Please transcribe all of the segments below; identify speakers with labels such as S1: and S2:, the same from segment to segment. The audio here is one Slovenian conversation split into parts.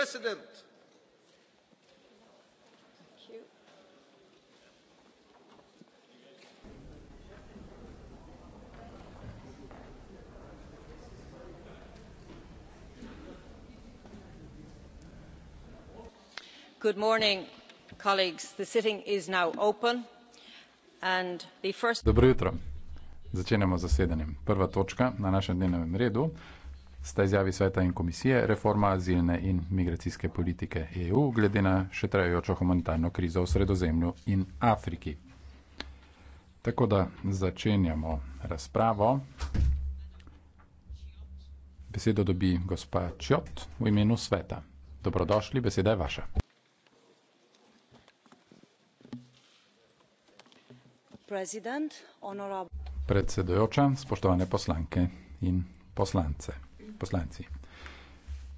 S1: president good morning colleagues the sitting is now open and the first.
S2: dobro jutro začenjamo z zasedanjem prva točka na našem dnevnem redu sta izjavi sveta in komisije reforma azilne in migracijske politike EU glede na še trajajočo humanitarno krizo v sredozemlju in Afriki. Tako da začenjamo razpravo. Besedo dobi gospa Čjot v imenu sveta. Dobrodošli, beseda je vaša. Predsedujoča, spoštovane poslanke in poslance poslanci.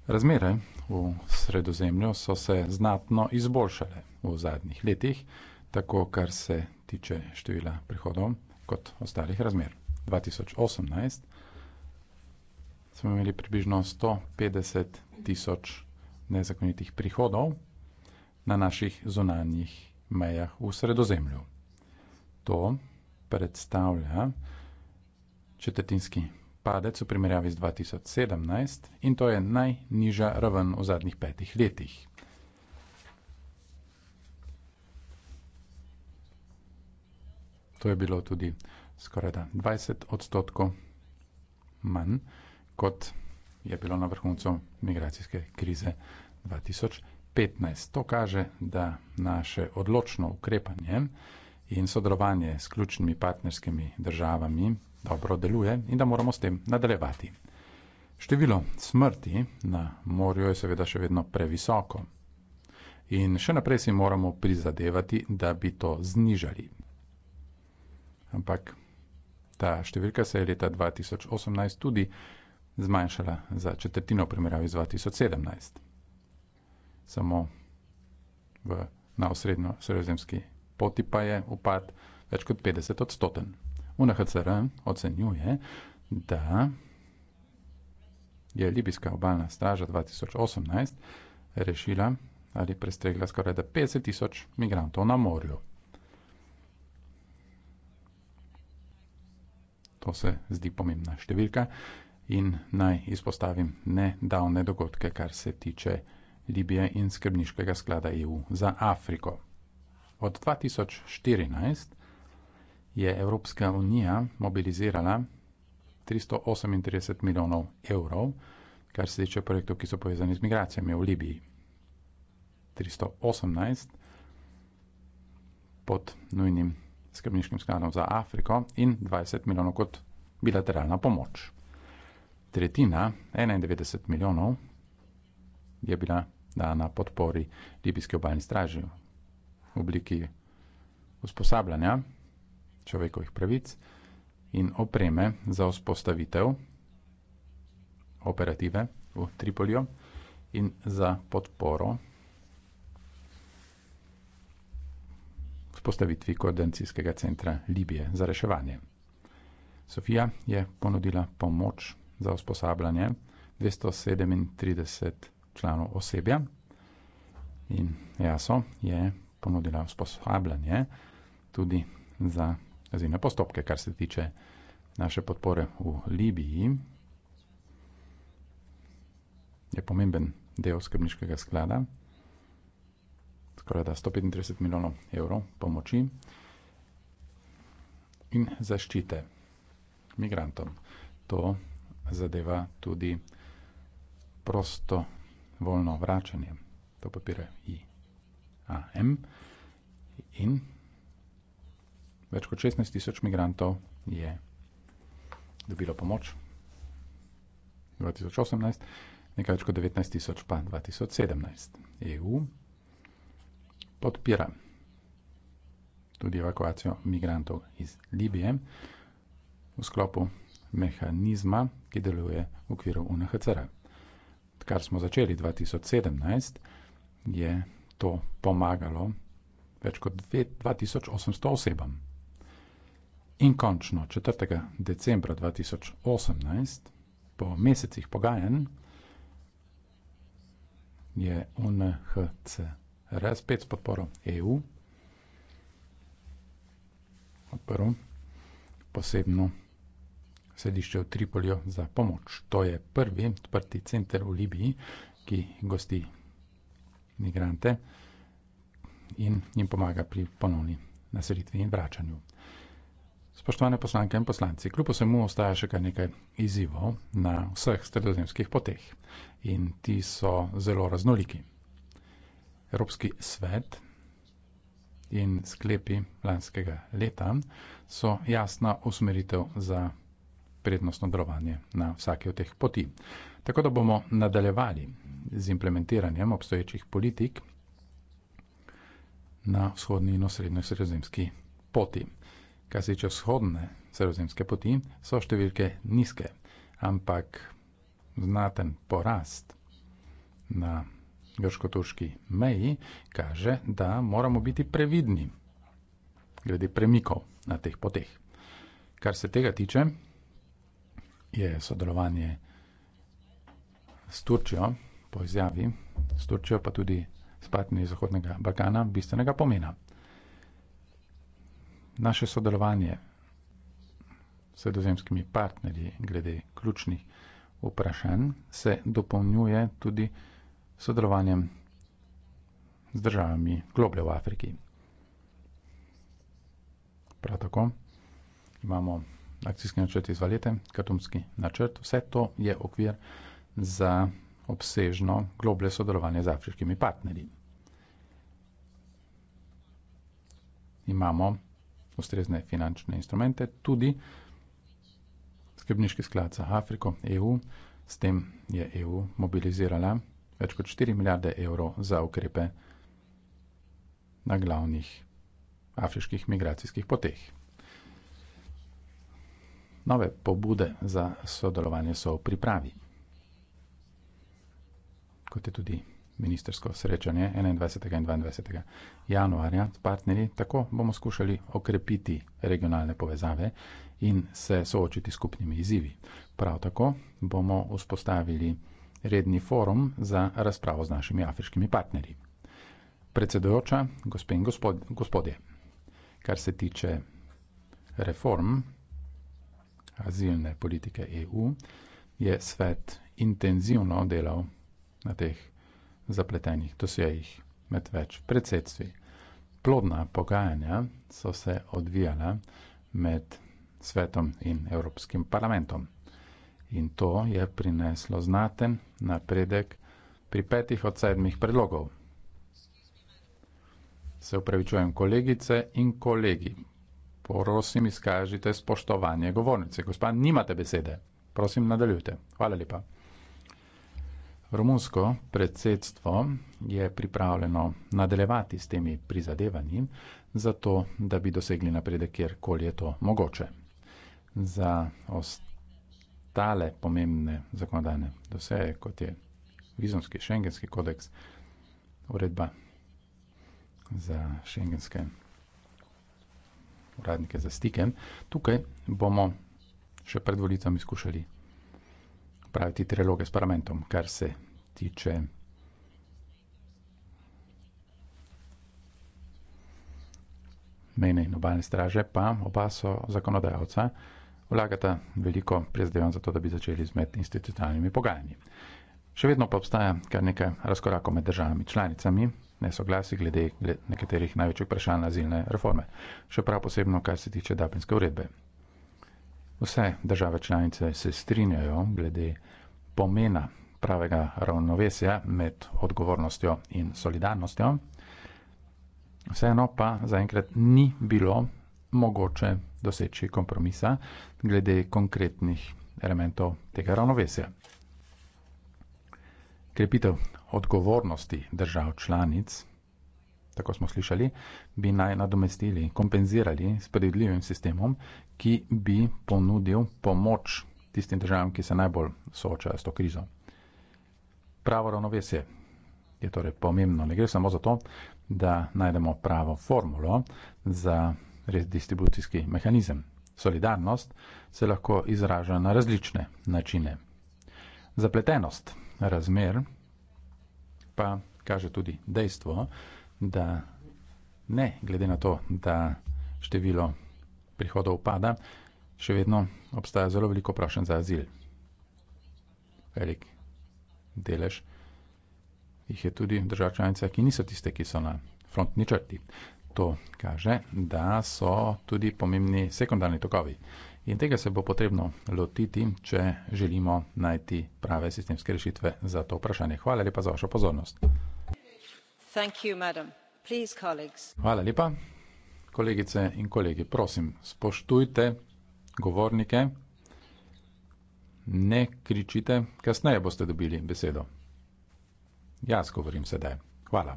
S2: Razmere v sredozemlju so se znatno izboljšale v zadnjih letih, tako kar se tiče števila prihodov kot ostalih razmer. 2018 smo imeli približno 150 tisoč nezakonitih prihodov na naših zunanjih mejah v sredozemlju. To predstavlja četrtinski padec v primerjavi z 2017 in to je najnižja raven v zadnjih petih letih. To je bilo tudi skoraj 20 odstotkov manj, kot je bilo na vrhuncu migracijske krize 2015. To kaže, da naše odločno ukrepanje in sodelovanje s ključnimi partnerskimi državami dobro deluje in da moramo s tem nadaljevati. Število smrti na morju je seveda še vedno previsoko in še naprej si moramo prizadevati, da bi to znižali. Ampak ta številka se je leta 2018 tudi zmanjšala za četrtino v primerjavi z 2017. Samo v, na osrednjo sredozemski poti pa je upad več kot 50 odstoten. UNHCR ocenjuje, da je Libijska obalna straža 2018 rešila ali prestregla skoraj 50 tisoč migrantov na morju. To se zdi pomembna številka in naj izpostavim nedavne dogodke, kar se tiče Libije in skrbniškega sklada EU za Afriko. Od 2014 je Evropska unija mobilizirala 338 milijonov evrov, kar se tiče projektov, ki so povezani z migracijami v Libiji. 318 pod nujnim skrbniškim skladom za Afriko in 20 milijonov kot bilateralna pomoč. Tretjina, 91 milijonov, je bila dana podpori Libijske obaljne straže obliki usposabljanja človekovih pravic in opreme za vzpostavitev operative v Tripolju in za podporo vzpostavitvi koordinacijskega centra Libije za reševanje. Sofija je ponudila pomoč za usposabljanje 237 članov osebja in jaso je ponudila usposabljanje tudi za azilne postopke, kar se tiče naše podpore v Libiji. Je pomemben del skrbniškega sklada, skoraj da 135 milijonov evrov pomoči in zaščite migrantom. To zadeva tudi prosto volno vračanje. To papire i a m in več kot 16 tisoč migrantov je dobilo pomoč 2018, nekaj več kot 19 tisoč pa 2017. EU podpira tudi evakuacijo migrantov iz Libije v sklopu mehanizma, ki deluje v okviru UNHCR. Kar smo začeli 2017, je to pomagalo več kot 2800 osebam. In končno 4. decembra 2018, po mesecih pogajanj, je UNHCR spet s podporo EU odprl posebno sedišče v Tripolju za pomoč. To je prvi odprti center v Libiji, ki gosti imigrante in jim pomaga pri ponovni naselitvi in vračanju. Spoštovane poslanke in poslanci, kljub vsemu ostaja še kar nekaj izzivov na vseh sredozemskih poteh in ti so zelo raznoliki. Evropski svet in sklepi lanskega leta so jasna usmeritev za prednostno delovanje na vsake od teh poti. Tako da bomo nadaljevali z implementiranjem obstoječih politik na vzhodni in osrednji sredozemski poti. Kar se tiče vzhodne sredozemske poti, so številke nizke, ampak znaten porast na grško-turški meji kaže, da moramo biti previdni glede premikov na teh poteh. Kar se tega tiče, je sodelovanje s Turčijo, po izjavi s Turčijo, pa tudi s partnerji Zahodnega Balkana, bistvenega pomena. Naše sodelovanje s sredozemskimi partnerji glede ključnih vprašanj se dopolnjuje tudi sodelovanjem z državami globlje v Afriki. Prav tako imamo akcijski načrt izvalite, katumski načrt, vse to je okvir za obsežno globlje sodelovanje z afriškimi partnerji. Imamo ustrezne finančne instrumente, tudi skrbniški sklad za Afriko, EU, s tem je EU mobilizirala več kot 4 milijarde evrov za ukrepe na glavnih afriških migracijskih poteh. Nove pobude za sodelovanje so v pripravi. Kot je tudi ministersko srečanje 21. in 22. januarja s partnerji, tako bomo skušali okrepiti regionalne povezave in se soočiti s skupnimi izzivi. Prav tako bomo vzpostavili redni forum za razpravo z našimi afriškimi partnerji. Predsedujoča, gospe in gospodje, kar se tiče reform, azilne politike EU, je svet intenzivno delal na teh zapletenih dosjejih med več predsedstvi. Plodna pogajanja so se odvijala med svetom in Evropskim parlamentom. In to je prineslo znaten napredek pri petih od sedmih predlogov. Se upravičujem, kolegice in kolegi, Prosim, izkažite spoštovanje govornice. Gospa, nimate besede. Prosim, nadaljujte. Hvala lepa. Romunsko predsedstvo je pripravljeno nadaljevati s temi prizadevanji, zato da bi dosegli napredek, kjerkoli je to mogoče. Za ostale pomembne zakonodajne doseje, kot je vizumski šengenski kodeks, uredba za šengenske uradnike za stike. Tukaj bomo še pred volitvami skušali praviti triloge s parlamentom, kar se tiče mejne in obalne straže, pa oba so zakonodajalca, vlagata veliko prizadevanj za to, da bi začeli z medinstitucionalnimi pogajanji. Še vedno pa obstaja kar nekaj razkorakov med državami članicami, nesoglasi glede, glede nekaterih največjih vprašanj azilne reforme, še prav posebno, kar se tiče Dublinske uredbe. Vse države članice se strinjajo glede pomena pravega ravnovesja med odgovornostjo in solidarnostjo, vseeno pa zaenkrat ni bilo mogoče doseči kompromisa glede konkretnih elementov tega ravnovesja. Krepitev odgovornosti držav članic, tako smo slišali, bi naj nadomestili, kompenzirali s predvidljivim sistemom, ki bi ponudil pomoč tistim državam, ki se najbolj soočajo s to krizo. Pravo ravnovesje je torej pomembno. Ne gre samo za to, da najdemo pravo formulo za redistribucijski mehanizem. Solidarnost se lahko izraža na različne načine. Zapletenost razmer, pa kaže tudi dejstvo, da ne glede na to, da število prihodov pada, še vedno obstaja zelo veliko prošen za azil. Velik delež jih je tudi država članica, ki niso tiste, ki so na frontni črti. To kaže, da so tudi pomembni sekundarni tokovi. In tega se bo potrebno lotiti, če želimo najti prave sistemske rešitve za to vprašanje. Hvala lepa za vašo pozornost. Hvala lepa. Kolegice in kolegi, prosim, spoštujte govornike, ne kričite, kasneje boste dobili besedo. Jaz govorim sedaj. Hvala.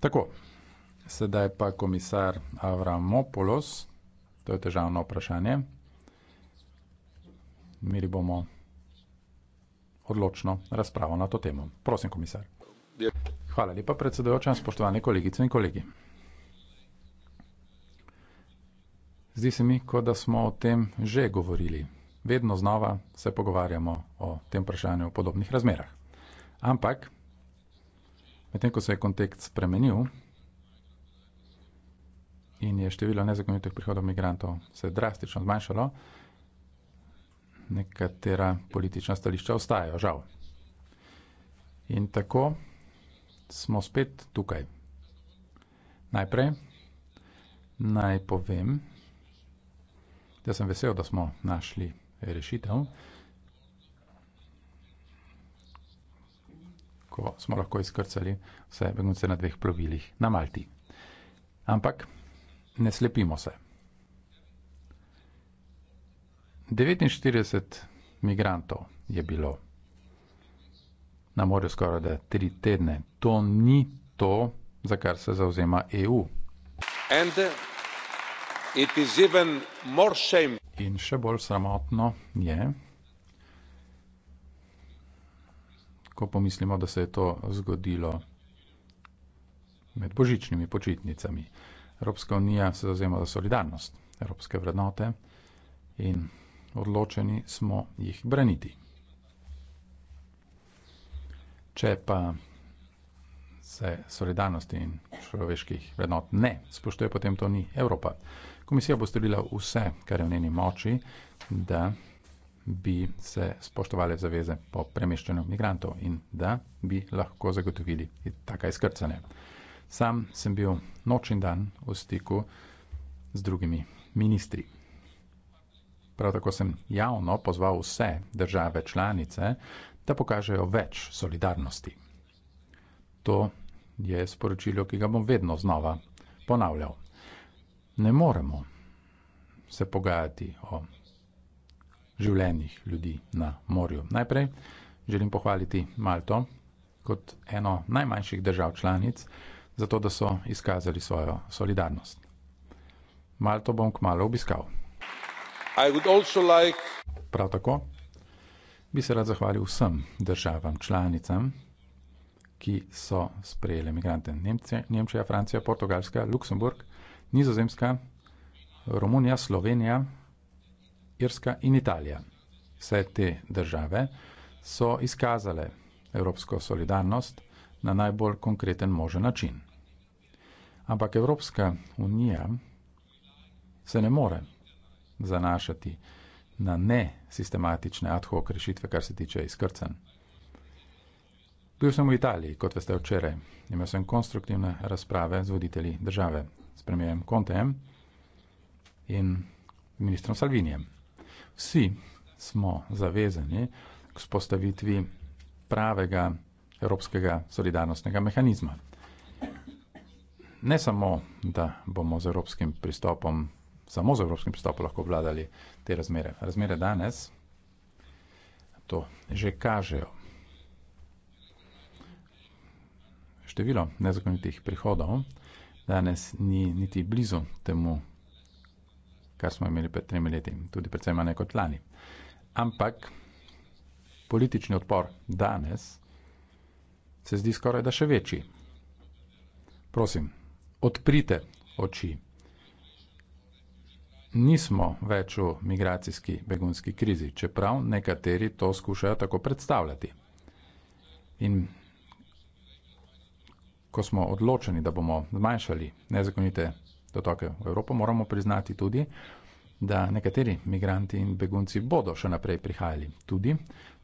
S2: Tako, sedaj pa komisar Avramopoulos. To je težavno vprašanje. Imeli bomo odločno razpravo na to temo. Prosim, komisar. Hvala lepa, predsedojoča, spoštovane kolegice in kolegi. Zdi se mi, kot da smo o tem že govorili. Vedno znova se pogovarjamo o tem vprašanju v podobnih razmerah. Ampak, medtem ko se je kontekst spremenil, in je število nezakonitih prihodov migrantov se drastično zmanjšalo, nekatera politična stališča ostajajo, žal. In tako smo spet tukaj. Najprej naj povem, da sem vesel, da smo našli rešitev, ko smo lahko izkrcali vse begunce na dveh plovilih na Malti. Ampak ne slepimo se. 49 migrantov je bilo na morju skoraj da tri tedne. To ni to, za kar se zauzema EU. In še bolj sramotno je, ko pomislimo, da se je to zgodilo med božičnimi počitnicami. Evropska unija se zauzema za solidarnost, evropske vrednote in odločeni smo jih braniti. Če pa se solidarnosti in človeških vrednot ne spoštuje, potem to ni Evropa. Komisija bo storila vse, kar je v njeni moči, da bi se spoštovali zaveze po premeščanju migrantov in da bi lahko zagotovili taka izkrcanja. Sam sem bil noč in dan v stiku z drugimi ministri. Prav tako sem javno pozval vse države članice, da pokažejo več solidarnosti. To je sporočilo, ki ga bom vedno znova ponavljal. Ne moremo se pogajati o življenjih ljudi na morju. Najprej želim pohvaliti Malto kot eno najmanjših držav članic, zato da so izkazali svojo solidarnost. Malto bom kmalo obiskal. Like... Prav tako bi se rad zahvalil vsem državam članicam, ki so sprejele migrante. Nemce, Nemčija, Francija, Portugalska, Luksemburg, Nizozemska, Romunija, Slovenija, Irska in Italija. Vse te države so izkazale evropsko solidarnost na najbolj konkreten možen način. Ampak Evropska unija se ne more zanašati na nesistematične ad hoc rešitve, kar se tiče izkrcan. Bil sem v Italiji, kot veste včeraj. Imel sem konstruktivne razprave z voditelji države, s premijem Contejem in ministrom Salvinijem. Vsi smo zavezani k spostavitvi pravega evropskega solidarnostnega mehanizma ne samo, da bomo z evropskim pristopom, samo z evropskim pristopom lahko vladali te razmere. Razmere danes to že kažejo. Število nezakonitih prihodov danes ni niti blizu temu, kar smo imeli pred tremi leti, tudi predvsem manj kot lani. Ampak politični odpor danes se zdi skoraj da še večji. Prosim, odprite oči. Nismo več v migracijski begunski krizi, čeprav nekateri to skušajo tako predstavljati. In ko smo odločeni, da bomo zmanjšali nezakonite dotoke v Evropo, moramo priznati tudi, da nekateri migranti in begunci bodo še naprej prihajali, tudi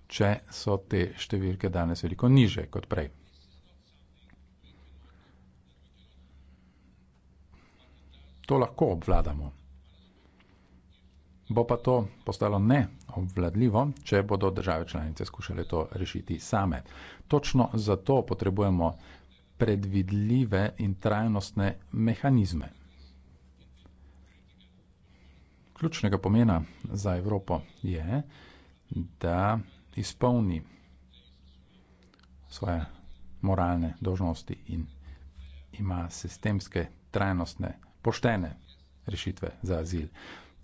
S2: če so te številke danes veliko niže kot prej. to lahko obvladamo. Bo pa to postalo neobvladljivo, če bodo države članice skušale to rešiti same. Točno zato potrebujemo predvidljive in trajnostne mehanizme. Ključnega pomena za Evropo je, da izpolni svoje moralne dožnosti in ima sistemske trajnostne poštene rešitve za azil.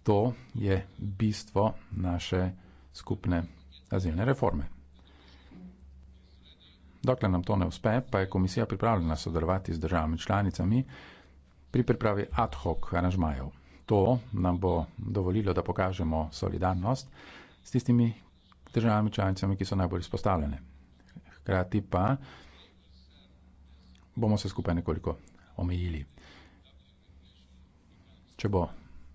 S2: To je bistvo naše skupne azilne reforme. Dokler nam to ne uspe, pa je komisija pripravljena sodelovati z državami članicami pri pripravi ad hoc aranžmajev. To nam bo dovolilo, da pokažemo solidarnost s tistimi državami članicami, ki so najbolj izpostavljene. Hkrati pa bomo se skupaj nekoliko omejili. Če bo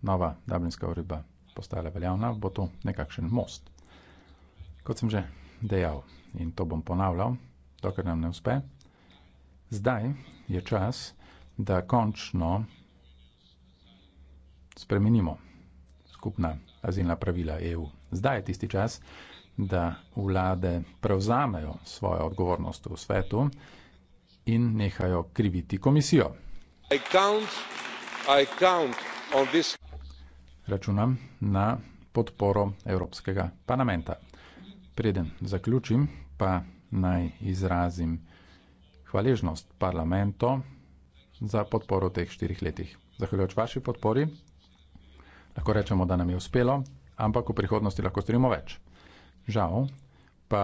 S2: nova Dublinska uredba postala veljavna, bo to nekakšen most. Kot sem že dejal in to bom ponavljal, dokler nam ne uspe, zdaj je čas, da končno spremenimo skupna azilna pravila EU. Zdaj je tisti čas, da vlade prevzamejo svojo odgovornost v svetu in nehajo kriviti komisijo. I count, I count. Računam na podporo Evropskega parlamenta. Preden zaključim, pa naj izrazim hvaležnost parlamento za podporo v teh štirih letih. Zahvaljujoč vaši podpori lahko rečemo, da nam je uspelo, ampak v prihodnosti lahko storimo več. Žal pa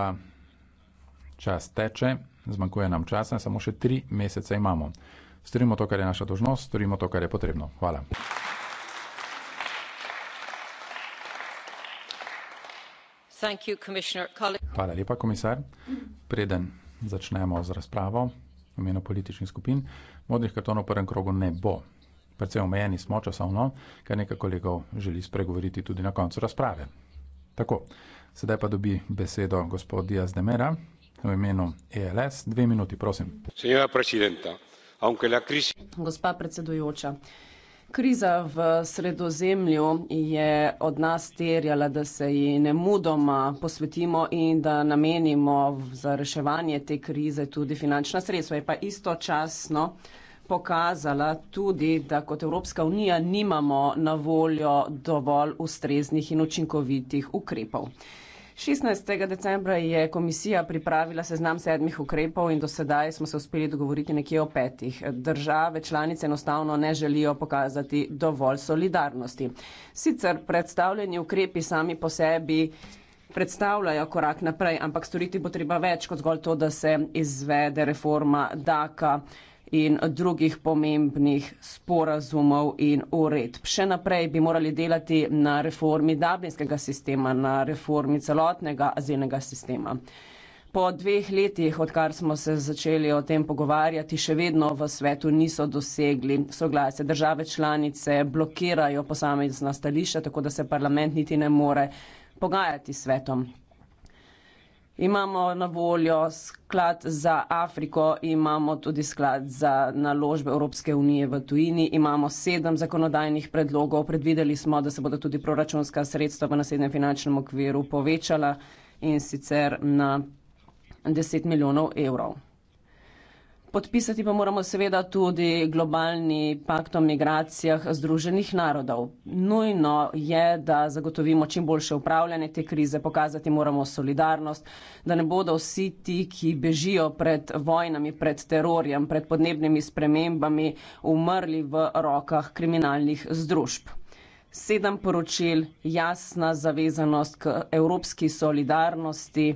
S2: čas teče, zmanjkuje nam časa, samo še tri mesece imamo. Storimo to, kar je naša dolžnost, storimo to, kar je potrebno. Hvala. Hvala lepa, komisar. Preden začnemo z razpravo v imenu političnih skupin, modrih kartonov v prvem krogu ne bo. Predvsej omejeni smo časovno, kar nekaj kolegov želi spregovoriti tudi na koncu razprave. Tako, sedaj pa dobi besedo gospod Diaz de Mera v imenu ELS. Dve minuti, prosim. Gospa predsedujoča.
S3: Kriza v sredozemlju je od nas terjala, da se ji ne mudoma posvetimo in da namenimo za reševanje te krize tudi finančna sredstva. Je pa istočasno pokazala tudi, da kot Evropska unija nimamo na voljo dovolj ustreznih in učinkovitih ukrepov. 16. decembra je komisija pripravila seznam sedmih ukrepov in do sedaj smo se uspeli dogovoriti nekje o petih. Države članice enostavno ne želijo pokazati dovolj solidarnosti. Sicer predstavljeni ukrepi sami po sebi predstavljajo korak naprej, ampak storiti bo treba več kot zgolj to, da se izvede reforma DAKA in drugih pomembnih sporazumov in uredb. Še naprej bi morali delati na reformi dablinskega sistema, na reformi celotnega azilnega sistema. Po dveh letih, odkar smo se začeli o tem pogovarjati, še vedno v svetu niso dosegli soglasja. Države članice blokirajo posamezna stališča, tako da se parlament niti ne more pogajati s svetom. Imamo na voljo sklad za Afriko, imamo tudi sklad za naložbe Evropske unije v tujini, imamo sedem zakonodajnih predlogov, predvideli smo, da se bodo tudi proračunska sredstva v naslednjem finančnem okviru povečala in sicer na 10 milijonov evrov. Podpisati pa moramo seveda tudi globalni pakt o migracijah Združenih narodov. Nujno je, da zagotovimo čim boljše upravljanje te krize, pokazati moramo solidarnost, da ne bodo vsi ti, ki bežijo pred vojnami, pred terorjem, pred podnebnimi spremembami, umrli v rokah kriminalnih združb. Sedem poročil, jasna zavezanost k evropski solidarnosti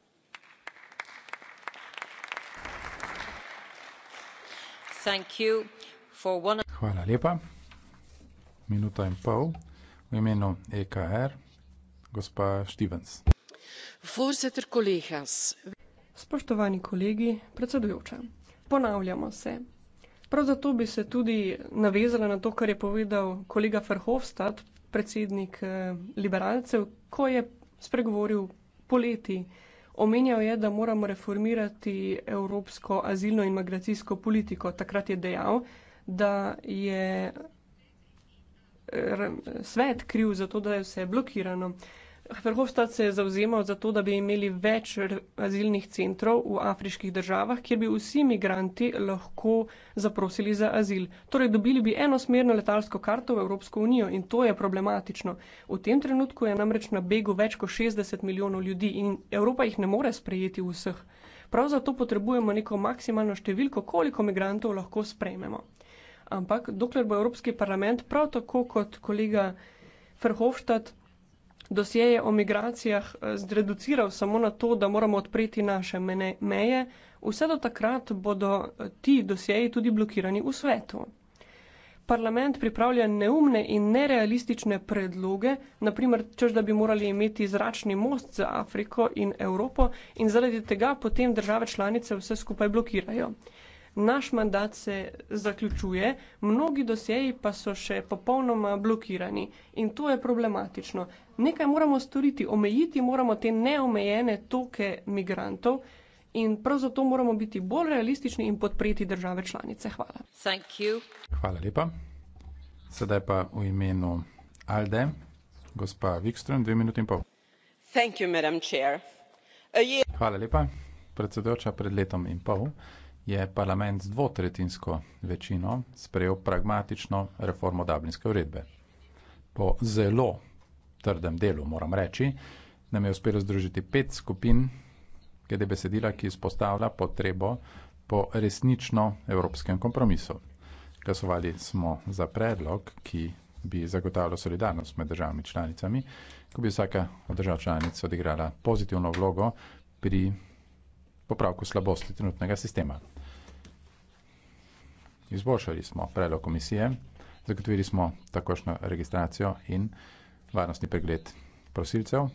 S1: Hvala
S2: lepa. Minuta in pol. V imenu EKR, gospa Štivens.
S4: Spoštovani kolegi, predsedujoča. Ponavljamo se. Prav zato bi se tudi navezala na to, kar je povedal kolega Verhofstadt, predsednik eh, liberalcev, ko je spregovoril poleti. Omenjal je, da moramo reformirati evropsko azilno in migracijsko politiko. Takrat je dejal, da je eh, svet kriv za to, da je vse blokirano. Verhofstadt se je zauzemal za to, da bi imeli več azilnih centrov v afriških državah, kjer bi vsi imigranti lahko zaprosili za azil. Torej, dobili bi enosmerno letalsko karto v Evropsko unijo in to je problematično. V tem trenutku je namreč na begu več kot 60 milijonov ljudi in Evropa jih ne more sprejeti vseh. Prav zato potrebujemo neko maksimalno številko, koliko imigrantov lahko sprejmemo. Ampak dokler bo Evropski parlament prav tako kot kolega Verhofstadt dosjeje o migracijah eh, zreduciral samo na to, da moramo odpreti naše meje, vse do takrat bodo eh, ti dosjeji tudi blokirani v svetu. Parlament pripravlja neumne in nerealistične predloge, naprimer, čež da bi morali imeti zračni most za Afriko in Evropo in zaradi tega potem države članice vse skupaj blokirajo naš mandat se zaključuje, mnogi doseji pa so še popolnoma blokirani in to je problematično. Nekaj moramo storiti, omejiti moramo te neomejene toke migrantov in prav zato moramo biti bolj realistični in podpreti
S2: države članice. Hvala. Hvala lepa. Sedaj pa v imenu Alde, gospa Wikström, dve minuti in pol. Hvala lepa, predsedujoča, pred letom in pol je parlament z dvotretinsko večino sprejel pragmatično reformo Dablinske uredbe. Po zelo trdem delu, moram reči, nam je uspelo združiti pet skupin glede besedila, ki izpostavlja potrebo po resnično evropskem kompromisu. Glasovali smo za predlog, ki bi zagotavljal solidarnost med državami članicami, ko bi vsaka od držav članic odigrala pozitivno vlogo pri popravku slabosti trenutnega sistema. Izboljšali smo predlog komisije, zagotovili smo takošno registracijo in varnostni pregled prosilcev,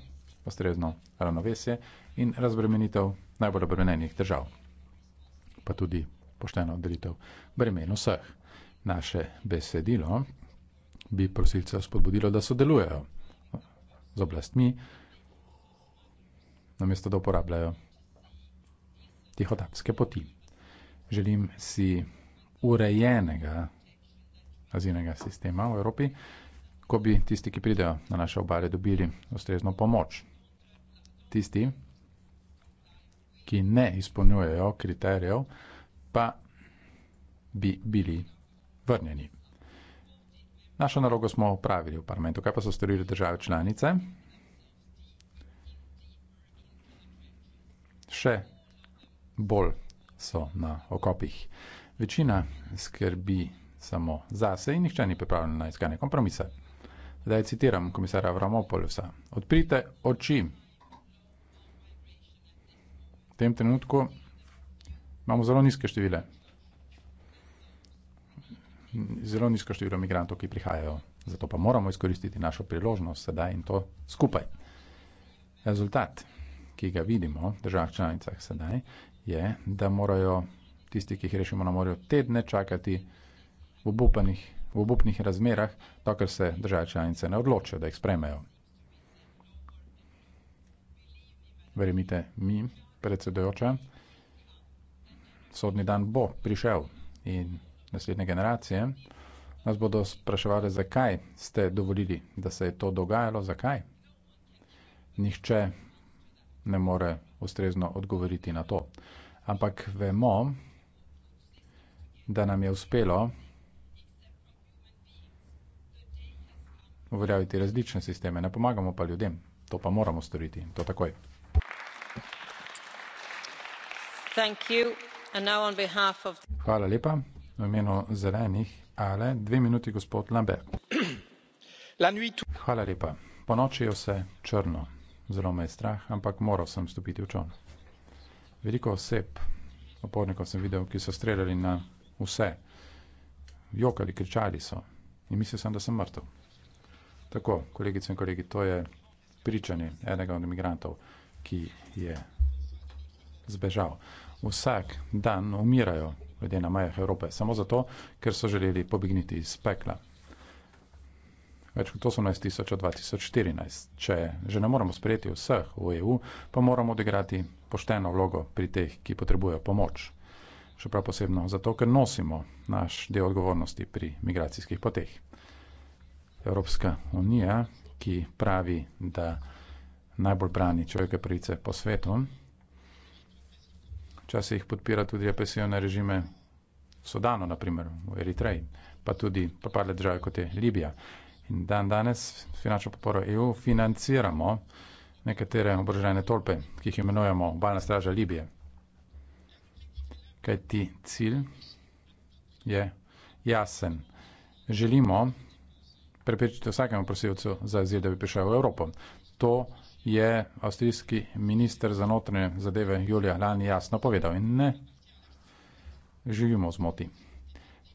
S2: ustrezno ravnovesje in razbremenitev najbolj obremenjenih držav, pa tudi pošteno delitev bremen vseh. Naše besedilo bi prosilce spodbudilo, da sodelujejo z oblastmi, namesto da uporabljajo tihotapske poti. Želim si urejenega azilnega sistema v Evropi, ko bi tisti, ki pridejo na naše obale, dobili ustrezno pomoč. Tisti, ki ne izpolnjujejo kriterijev, pa bi bili vrnjeni. Našo nalogo smo opravili v parlamentu. Kaj pa so storili države članice? Še bolj so na okopih. Večina skrbi samo zase in nihče ni pripravljen na iskanje kompromisa. Zdaj citiram komisarja Avramopolusa. Odprite oči. V tem trenutku imamo zelo nizke števile. Zelo nizko število migrantov, ki prihajajo. Zato pa moramo izkoristiti našo priložnost sedaj in to skupaj. Rezultat, ki ga vidimo v državah članicah sedaj, je, da morajo tisti, ki jih rešimo na morju, tedne čakati v obupanih, v obupnih razmerah, dokler se države članice ne odločijo, da jih spremejo. Verjemite mi, predsedujoča, sodni dan bo prišel in naslednje generacije nas bodo spraševali, zakaj ste dovolili, da se je to dogajalo, zakaj. Nihče ne more ustrezno odgovoriti na to. Ampak vemo, da nam je uspelo uveljaviti različne sisteme, ne pomagamo pa ljudem. To pa moramo storiti, to takoj. Hvala lepa. V imenu zelenih, ale dve minuti gospod Lambert. Hvala lepa. Ponoči je vse črno zelo me je strah, ampak moral sem stopiti v čon. Veliko oseb, opornikov sem videl, ki so streljali na vse, jokali, kričali so in mislil sem, da sem mrtev. Tako, kolegice in kolegi, to je pričanje enega od imigrantov, ki je zbežal. Vsak dan umirajo ljudje na majah Evrope, samo zato, ker so želeli pobegniti iz pekla več kot 18 tisoč od 2014. Če že ne moramo sprejeti vseh v EU, pa moramo odigrati pošteno vlogo pri teh, ki potrebujejo pomoč. Še prav posebno zato, ker nosimo naš del odgovornosti pri migracijskih poteh. Evropska unija, ki pravi, da najbolj brani človeške pravice po svetu, včasih podpira tudi represivne režime v Sudanu, naprimer v Eritreji, pa tudi popadle države kot je Libija. In dan danes finančno podporo EU financiramo nekatere oborožene tolpe, ki jih imenujemo obalna straža Libije. Kajti cilj je jasen. Želimo preprečiti vsakemu prosilcu za azil, da bi prišel v Evropo. To je avstrijski minister za notranje zadeve Julija Lani jasno povedal in ne živimo v zmoti.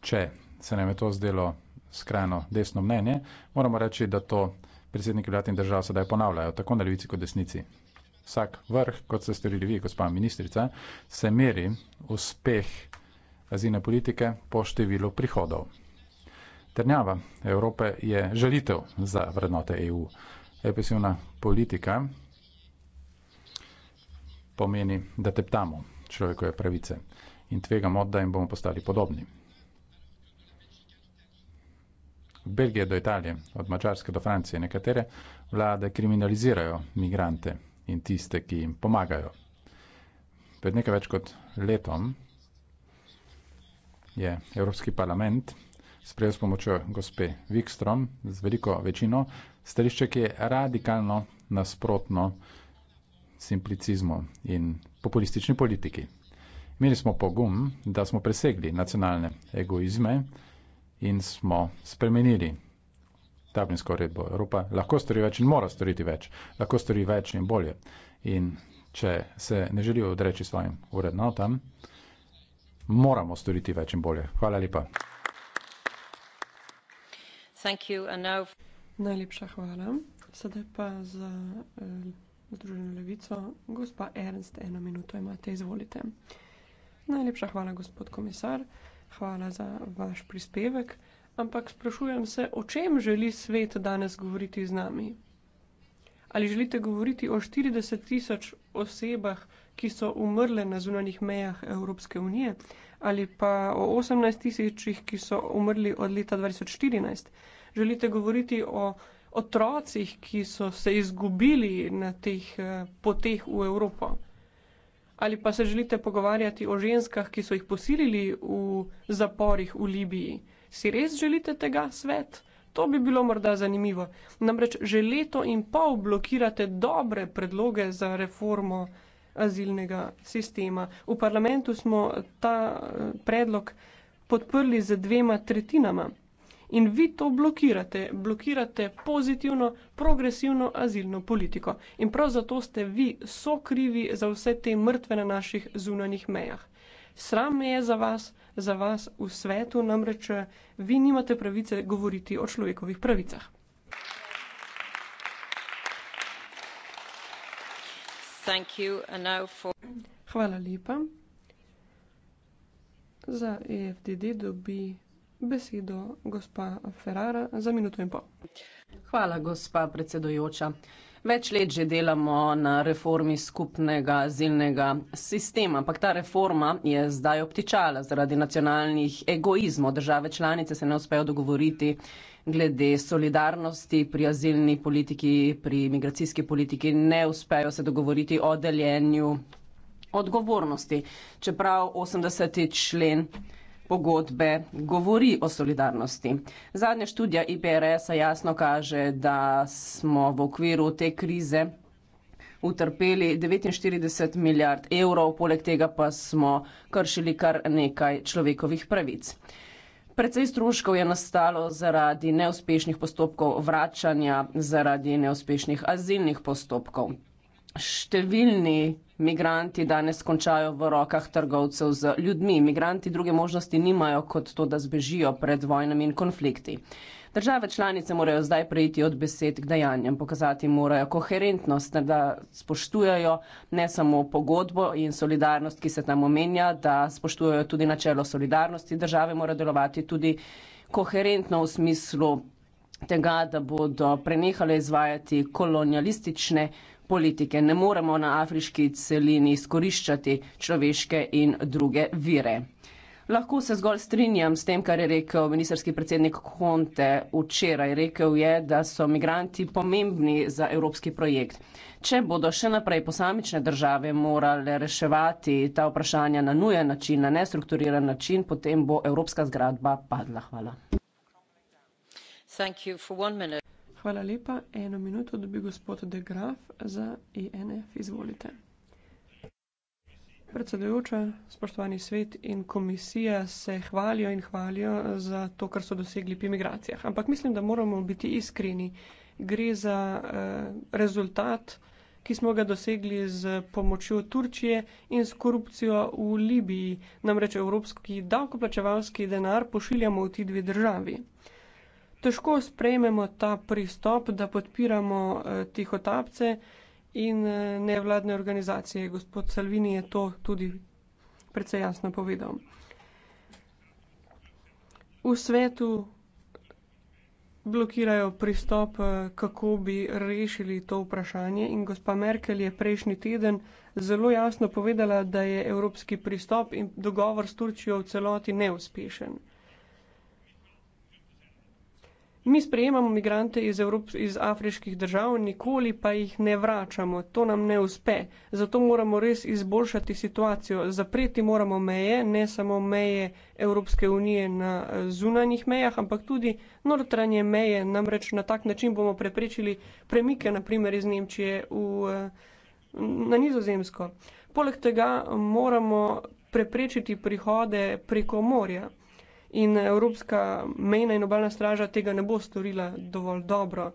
S2: Če se nam je to zdelo skrajno desno mnenje, moramo reči, da to predsedniki vlad in držav sedaj ponavljajo, tako na levici kot desnici. Vsak vrh, kot ste storili vi, gospa ministrica, se meri uspeh azilne politike po številu prihodov. Trnjava Evrope je žalitev za vrednote EU. Represivna politika pomeni, da teptamo človekove pravice in tvegamo, da jim bomo postali podobni. Belgije do Italije, od Mačarske do Francije, nekatere vlade kriminalizirajo migrante in tiste, ki jim pomagajo. Pred nekaj več kot letom je Evropski parlament sprejel s pomočjo gospe Wikstrom z veliko večino stališče, ki je radikalno nasprotno simplicizmu in populistični politiki. Imeli smo pogum, da smo presegli nacionalne egoizme, in smo spremenili Dublinsko uredbo. Evropa lahko stori več in mora storiti več. Lahko stori več in bolje. In če se ne želijo odreči svojim urednotam, moramo storiti več in bolje. Hvala lepa.
S4: Najlepša hvala. Sedaj pa za eh, Združeno levico. Gospa Ernst, eno minuto imate, izvolite. Najlepša hvala, gospod komisar. Eh, hvala za vaš prispevek, ampak sprašujem se, o čem želi svet danes govoriti z nami? Ali želite govoriti o 40 tisoč osebah, ki so umrle na zunanih mejah Evropske unije, ali pa o 18 tisočih, ki so umrli od leta 2014? Želite govoriti o otrocih, ki so se izgubili na teh eh, poteh v Evropo? ali pa se želite pogovarjati o ženskah, ki so jih posilili v zaporih v Libiji. Si res želite tega svet? To bi bilo morda zanimivo. Namreč že leto in pol blokirate dobre predloge za reformo azilnega sistema. V parlamentu smo ta eh, predlog podprli z dvema tretjinama. In vi to blokirate, blokirate pozitivno, progresivno azilno politiko. In prav zato ste vi so krivi za vse te mrtve na naših zunanjih mejah. Sram je za vas, za vas v svetu, namreč eh, vi nimate pravice govoriti o človekovih pravicah. Hvala lepa. Za
S3: EFDD dobi besedo gospa Ferrara za minuto in pol. Hvala, gospa predsedujoča. Več let že delamo na reformi skupnega azilnega sistema, ampak ta reforma je zdaj obtičala. Zaradi nacionalnih egoizmov države članice se ne uspejo dogovoriti glede solidarnosti pri azilni politiki, pri migracijski politiki, ne uspejo se dogovoriti o deljenju odgovornosti. Čeprav 80. člen pogodbe govori o solidarnosti. Zadnja študija IPRS-a jasno kaže, da smo v okviru te krize utrpeli 49 milijard evrov, poleg tega pa smo kršili kar nekaj človekovih pravic. Predvsej stroškov je nastalo zaradi neuspešnih postopkov vračanja, zaradi neuspešnih azilnih postopkov številni migranti danes končajo v rokah trgovcev z ljudmi. Migranti druge možnosti nimajo kot to, da zbežijo pred vojnami in konflikti. Države članice morajo zdaj preiti od besed k dejanjem, pokazati morajo koherentnost, da spoštujajo ne samo pogodbo in solidarnost, ki se tam omenja, da spoštujajo tudi načelo solidarnosti. Države morajo delovati tudi koherentno v smislu tega, da bodo prenehale izvajati kolonialistične politike. Ne moremo na afriški celini izkoriščati človeške in druge vire. Lahko se zgolj strinjam s tem, kar je rekel ministerski predsednik Konte včeraj. Rekel je, da so migranti pomembni za evropski projekt. Če bodo še naprej posamične države morale reševati ta vprašanja na nujen način, na nestrukturiran način, potem bo evropska zgradba padla. Hvala.
S4: Hvala lepa. Eno minuto dobi gospod De Graf za INF. E Izvolite. Predsedujoča, spoštovani svet in komisija se hvalijo in hvalijo za to, kar so dosegli pri migracijah. Ampak mislim, da moramo biti iskreni. Gre za eh, rezultat, ki smo ga dosegli z pomočjo Turčije in s korupcijo v Libiji. Namreč evropski davkoplačevalski denar pošiljamo v ti dve državi težko sprejmemo ta pristop, da podpiramo eh, tihotapce in eh, nevladne organizacije. Gospod Salvini je to tudi precej jasno povedal. V svetu blokirajo pristop, eh, kako bi rešili to vprašanje in gospa Merkel je prejšnji teden zelo jasno povedala, da je evropski pristop in dogovor s Turčijo v celoti neuspešen. Mi sprejemamo migrante iz, Evrop, iz afriških držav, nikoli pa jih ne vračamo. To nam ne uspe. Zato moramo res izboljšati situacijo. Zapreti moramo meje, ne samo meje Evropske unije na zunanjih mejah, ampak tudi notranje meje. Namreč na tak način bomo preprečili premike, naprimer iz Nemčije v, na nizozemsko. Poleg tega moramo preprečiti prihode preko morja in Evropska mejna in obaljna straža tega ne bo storila dovolj dobro.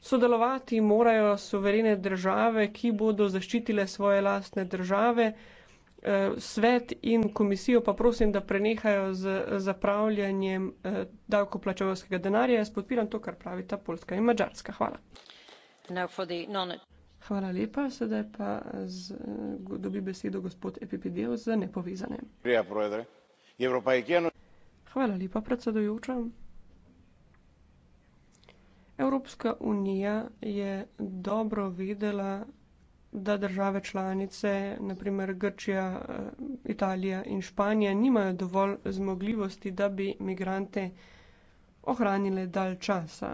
S4: Sodelovati morajo soverene države, ki bodo zaščitile svoje lastne države. Eh, svet in komisijo pa prosim, da prenehajo z zapravljanjem eh, davkoplačevalskega denarja. Jaz podpiram to, kar pravita Poljska in Mačarska. Hvala. Hvala lepa. Sedaj pa z, eh, dobi besedo gospod Epipedev za nepovezane. Prija, Hvala lepa, predsedujoča. Evropska unija je dobro vedela, da države članice, naprimer Grčija, eh, Italija in Španija, nimajo dovolj zmogljivosti, da bi migrante ohranile dalj časa.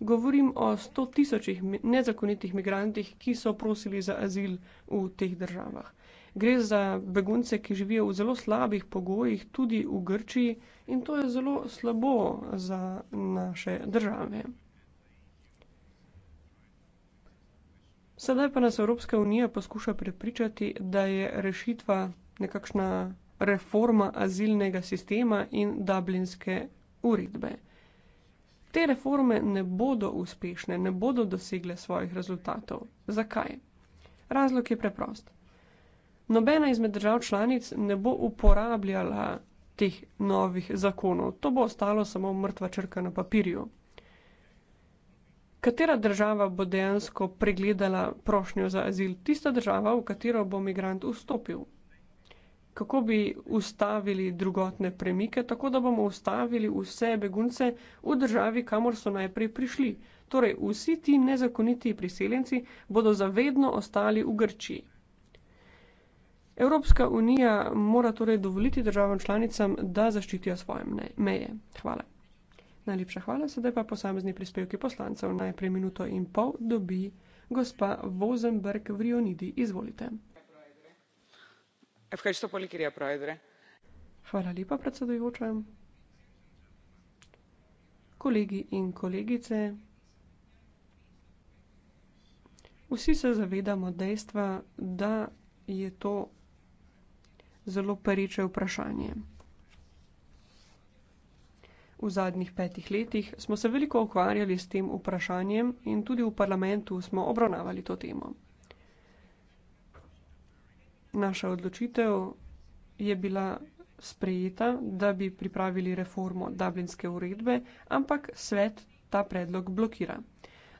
S4: Govorim o 100 tisočih nezakonitih migrantih, ki so prosili za azil v teh državah. Gre za begunce, ki živijo v zelo slabih pogojih, tudi v Grčiji, in to je zelo slabo za naše države. Sedaj pa nas Evropska unija poskuša prepričati, da je rešitva nekakšna reforma azilnega sistema in dublinske uredbe. Te reforme ne bodo uspešne, ne bodo dosegle svojih rezultatov. Zakaj? Razlog je preprost nobena izmed držav članic ne bo uporabljala teh novih zakonov. To bo ostalo samo mrtva črka na papirju. Katera država bo dejansko pregledala prošnjo za azil? Tista država, v katero bo migrant vstopil. Kako bi ustavili drugotne premike, tako da bomo ustavili vse begunce v državi, kamor so najprej prišli. Torej, vsi ti nezakoniti priseljenci bodo zavedno ostali v Grčiji. Evropska unija mora torej dovoliti državam članicam, da zaščitijo svoje meje. Hvala. Najlepša hvala, sedaj pa posamezni prispevki poslancev. Najprej minuto in pol dobi gospa Vozenberg v Rionidi. Izvolite. Hvala lepa, predsedujoča. Kolegi in kolegice, vsi se zavedamo dejstva, da je to zelo pereče vprašanje. V zadnjih petih letih smo se veliko ukvarjali s tem vprašanjem in tudi v parlamentu smo obravnavali to temo. Naša odločitev je bila sprejeta, da bi pripravili reformo Dublinske uredbe, ampak svet ta predlog blokira.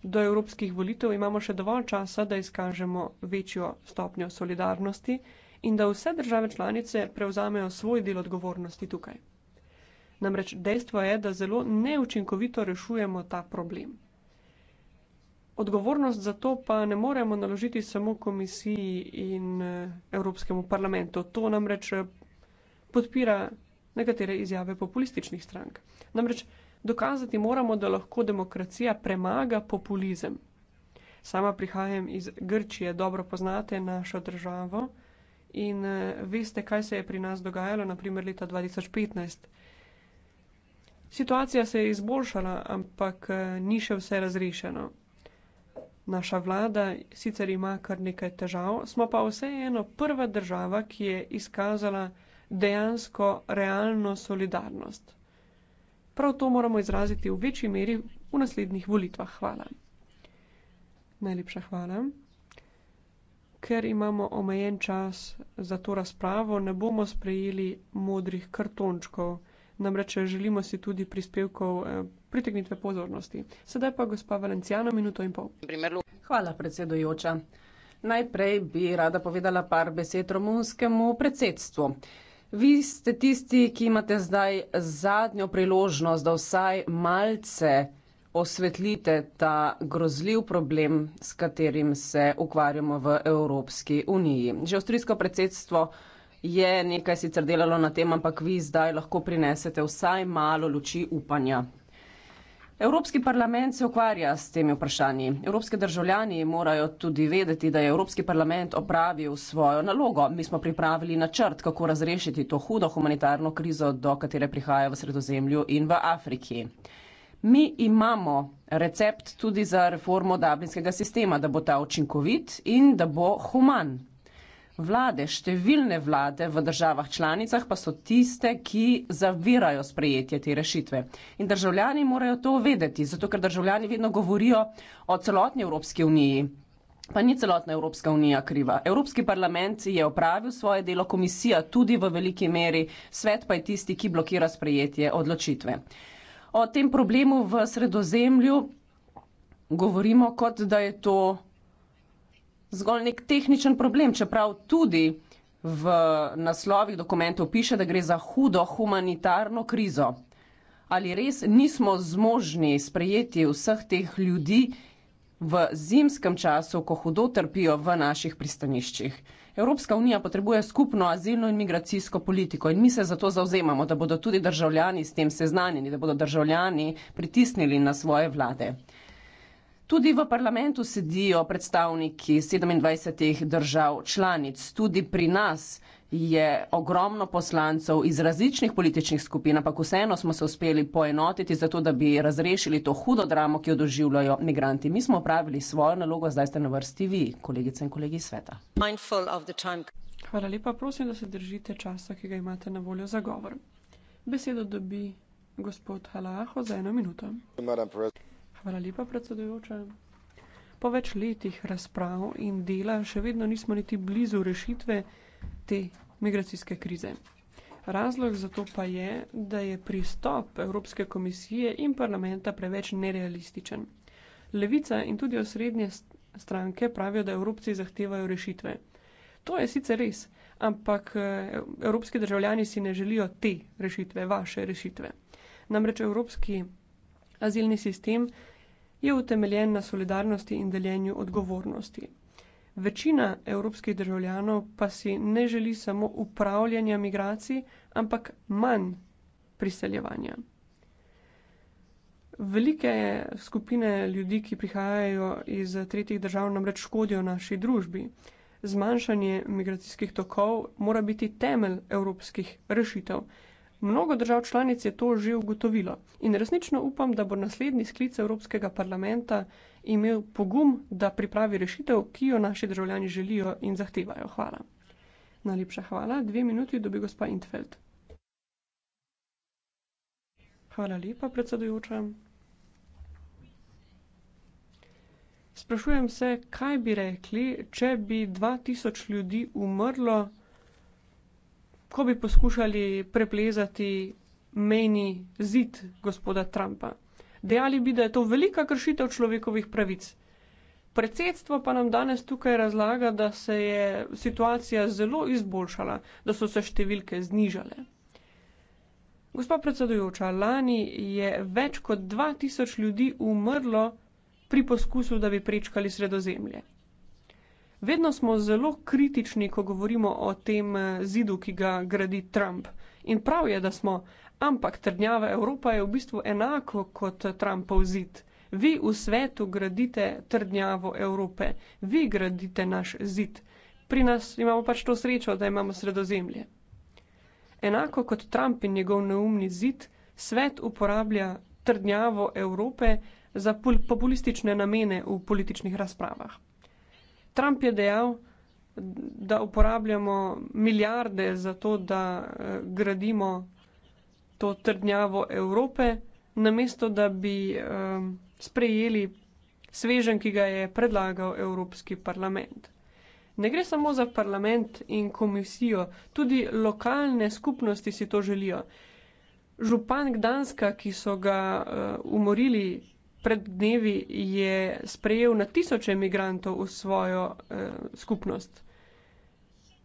S4: Do evropskih volitev imamo še dovolj časa, da izkažemo večjo stopnjo solidarnosti in da vse države članice prevzamejo svoj del odgovornosti tukaj. Namreč dejstvo je, da zelo neučinkovito rešujemo ta problem. Odgovornost za to pa ne moremo naložiti samo komisiji in eh, Evropskemu parlamentu. To namreč eh, podpira nekatere izjave populističnih strank. Namreč dokazati moramo, da lahko demokracija premaga populizem. Sama prihajam iz Grčije, dobro poznate našo državo. In uh, veste, kaj se je pri nas dogajalo, naprimer leta 2015. Situacija se je izboljšala, ampak uh, ni še vse razrešeno. Naša vlada sicer ima kar nekaj težav, smo pa vseeno prva država, ki je izkazala dejansko realno solidarnost. Prav to moramo izraziti v večji meri v naslednjih volitvah. Hvala. Najlepša hvala ker imamo omejen čas za to razpravo, ne bomo sprejeli modrih kartončkov. Namreč želimo si tudi prispevkov eh, pritegnitve pozornosti. Sedaj
S3: pa gospa Valencijana, minuto in pol. Hvala, predsedujoča. Najprej bi rada povedala par besed romunskemu predsedstvu. Vi ste tisti, ki imate zdaj zadnjo priložnost, da vsaj malce osvetlite ta grozljiv problem, s katerim se ukvarjamo v Evropski uniji. Že avstrijsko predsedstvo je nekaj sicer delalo na tem, ampak vi zdaj lahko prinesete vsaj malo luči upanja. Evropski parlament se ukvarja s temi vprašanji. Evropske državljani morajo tudi vedeti, da je Evropski parlament opravil svojo nalogo. Mi smo pripravili načrt, kako razrešiti to hudo humanitarno krizo, do katere prihaja v sredozemlju in v Afriki. Mi imamo recept tudi za reformo dublinskega sistema, da bo ta učinkovit in da bo human. Vlade, številne vlade v državah članicah pa so tiste, ki zavirajo sprejetje te rešitve. In državljani morajo to vedeti, zato ker državljani vedno govorijo o celotni Evropski uniji. Pa ni celotna Evropska unija kriva. Evropski parlament je opravil svoje delo, komisija tudi v veliki meri, svet pa je tisti, ki blokira sprejetje odločitve o tem problemu v sredozemlju govorimo, kot da je to zgolj nek tehničen problem, čeprav tudi v naslovih dokumentov piše, da gre za hudo humanitarno krizo. Ali res nismo zmožni sprejeti vseh teh ljudi, v zimskem času, ko hudo trpijo v naših pristaniščih. Evropska unija potrebuje skupno azilno in migracijsko politiko in mi se zato zauzemamo, da bodo tudi državljani s tem seznanjeni, da bodo državljani pritisnili na svoje vlade. Tudi v parlamentu sedijo predstavniki 27 držav članic, tudi pri nas je ogromno poslancev iz različnih političnih skupin, ampak vseeno smo se uspeli poenotiti zato, da bi razrešili to hudo dramo, ki jo doživljajo migranti. Mi smo opravili svojo nalogo, zdaj ste na vrsti vi, kolegice in kolegi sveta.
S4: Hvala lepa, prosim, da se držite časa, ki ga imate na voljo za govor. Besedo dobi gospod Halaho za eno minuto. Hvala lepa, predsedujoča. Po več letih razprav in dela še vedno nismo niti blizu rešitve, te migracijske krize. Razlog za to pa je, da je pristop Evropske komisije in parlamenta preveč nerealističen. Levica in tudi osrednje stranke pravijo, da Evropci zahtevajo rešitve. To je sicer res, ampak eh, evropski državljani si ne želijo te rešitve, vaše rešitve. Namreč evropski azilni sistem je utemeljen na solidarnosti in deljenju odgovornosti. Večina evropskih državljanov pa si ne želi samo upravljanja migracij, ampak manj priseljevanja. Velike skupine ljudi, ki prihajajo iz tretjih držav, namreč škodijo naši družbi. Zmanjšanje migracijskih tokov mora biti temelj evropskih rešitev. Mnogo držav članic je to že ugotovilo in resnično upam, da bo naslednji sklic Evropskega parlamenta imel pogum, da pripravi rešitev, ki jo naši državljani želijo in zahtevajo. Hvala. Najlepša hvala. Dve minuti dobi gospa Intfeld. Hvala lepa, predsedujoča. Sprašujem se, kaj bi rekli, če bi dva tisoč ljudi umrlo ko bi poskušali preplezati mejni zid gospoda Trumpa. Dejali bi, da je to velika kršitev človekovih pravic. Predsedstvo pa nam danes tukaj razlaga, da se je situacija zelo izboljšala, da so se številke znižale. Gospa predsedujoča, lani je več kot 2000 ljudi umrlo pri poskusu, da bi prečkali sredozemlje. Vedno smo zelo kritični, ko govorimo o tem eh, zidu, ki ga gradi Trump. In prav je, da smo, ampak trdnjava Evropa je v bistvu enako kot Trumpov zid. Vi v svetu gradite trdnjavo Evrope, vi gradite naš zid. Pri nas imamo pač to srečo, da imamo sredozemlje. Enako kot Trump in njegov neumni zid, svet uporablja trdnjavo Evrope za populistične namene v političnih razpravah. Trump je dejal, da uporabljamo milijarde za to, da eh, gradimo to trdnjavo Evrope, namesto da bi eh, sprejeli svežen, ki ga je predlagal Evropski parlament. Ne gre samo za parlament in komisijo, tudi lokalne skupnosti si to želijo. Župan Gdanska, ki so ga uh, umorili pred dnevi je sprejel na tisoče imigrantov v svojo eh, skupnost.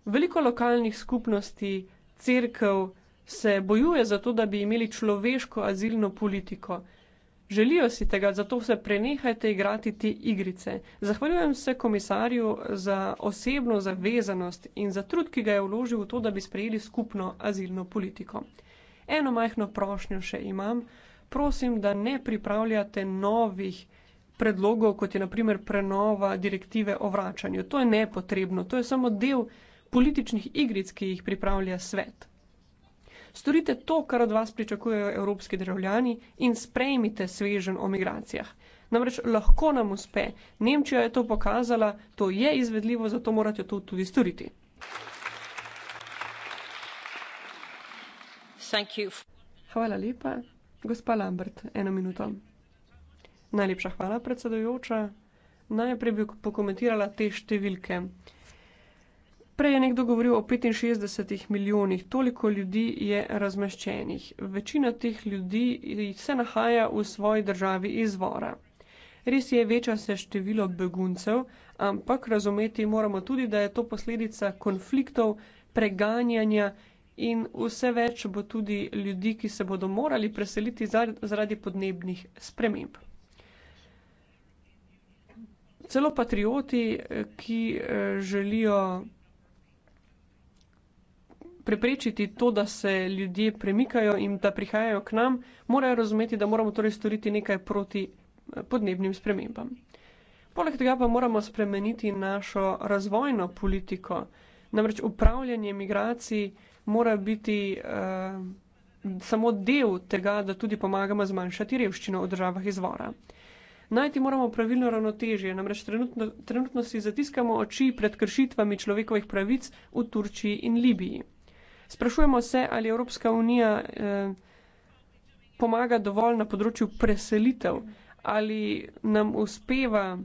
S4: Veliko lokalnih skupnosti, crkv se bojuje za to, da bi imeli človeško azilno politiko. Želijo si tega, zato se prenehajte igrati te igrice. Zahvaljujem se komisarju za osebno zavezanost in za trud, ki ga je vložil v to, da bi sprejeli skupno azilno politiko. Eno majhno prošnjo še imam prosim, da ne pripravljate novih predlogov, kot je naprimer prenova direktive o vračanju. To je nepotrebno, to je samo del političnih igric, ki jih pripravlja svet. Storite to, kar od vas pričakujejo evropski državljani in sprejmite svežen o migracijah. Namreč lahko nam uspe. Nemčija je to pokazala, to je izvedljivo, zato morate to tudi storiti. Hvala lepa. Gospa Lambert, eno minuto. Najlepša hvala, predsedojoča. Najprej bi pokomentirala te številke. Prej je nekdo govoril o 65 milijonih, toliko ljudi je razmeščenih. Večina teh ljudi se nahaja v svoji državi izvora. Res je večja se število beguncev, ampak razumeti moramo tudi, da je to posledica konfliktov, preganjanja in vse več bo tudi ljudi, ki se bodo morali preseliti zaradi podnebnih sprememb. Celo patrioti, eh, ki eh, želijo preprečiti to, da se ljudje premikajo in da prihajajo k nam, morajo razumeti, da moramo torej storiti nekaj proti eh, podnebnim spremembam. Poleg tega pa moramo spremeniti našo razvojno politiko, namreč upravljanje migracij mora biti uh, samo del tega, da tudi pomagamo zmanjšati revščino v državah izvora. Najti moramo pravilno ravnotežje, namreč trenutno, trenutno si zatiskamo oči pred kršitvami človekovih pravic v Turčiji in Libiji. Sprašujemo se, ali Evropska unija eh, pomaga dovolj na področju preselitev, ali nam uspeva